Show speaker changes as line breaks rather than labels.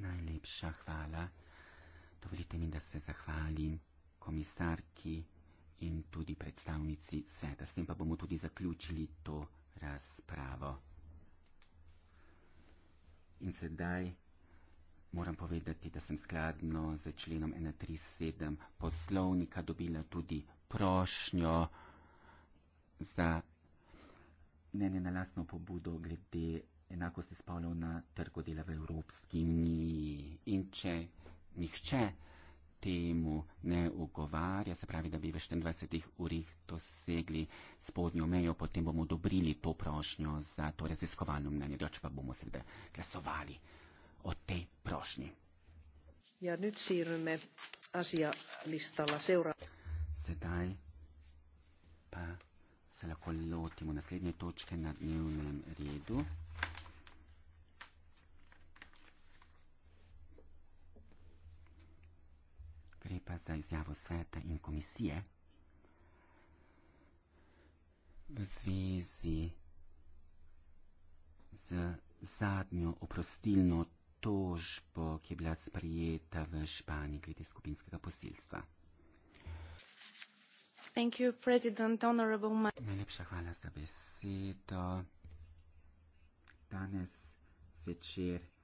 Najlepša hvala. Dovolite mi, da se zahvalim komisarki in tudi predstavnici SETA. S tem pa bomo tudi zaključili to razpravo. In sedaj moram povedati, da sem skladno z členom 137 poslovnika dobila tudi prošnjo za mnenje na lastno pobudo glede enakosti spolov na trgu dela v Evropski uniji. In če nihče temu ne ugovarja, se pravi, da bi v 24 urih dosegli spodnjo mejo, potem bomo odobrili to prošnjo za to raziskovalno mnenje, doč pa bomo seveda glasovali o tej prošnji.
Ja, asia listalla seura.
Sedaj pa se lahko lotimo naslednje točke na dnevnem redu. pa za izjavo sveta in komisije v zvezi z zadnjo oprostilno tožbo, ki je bila sprijeta v Španiji glede skupinskega posilstva.
You,
Najlepša hvala za besedo. Danes zvečer.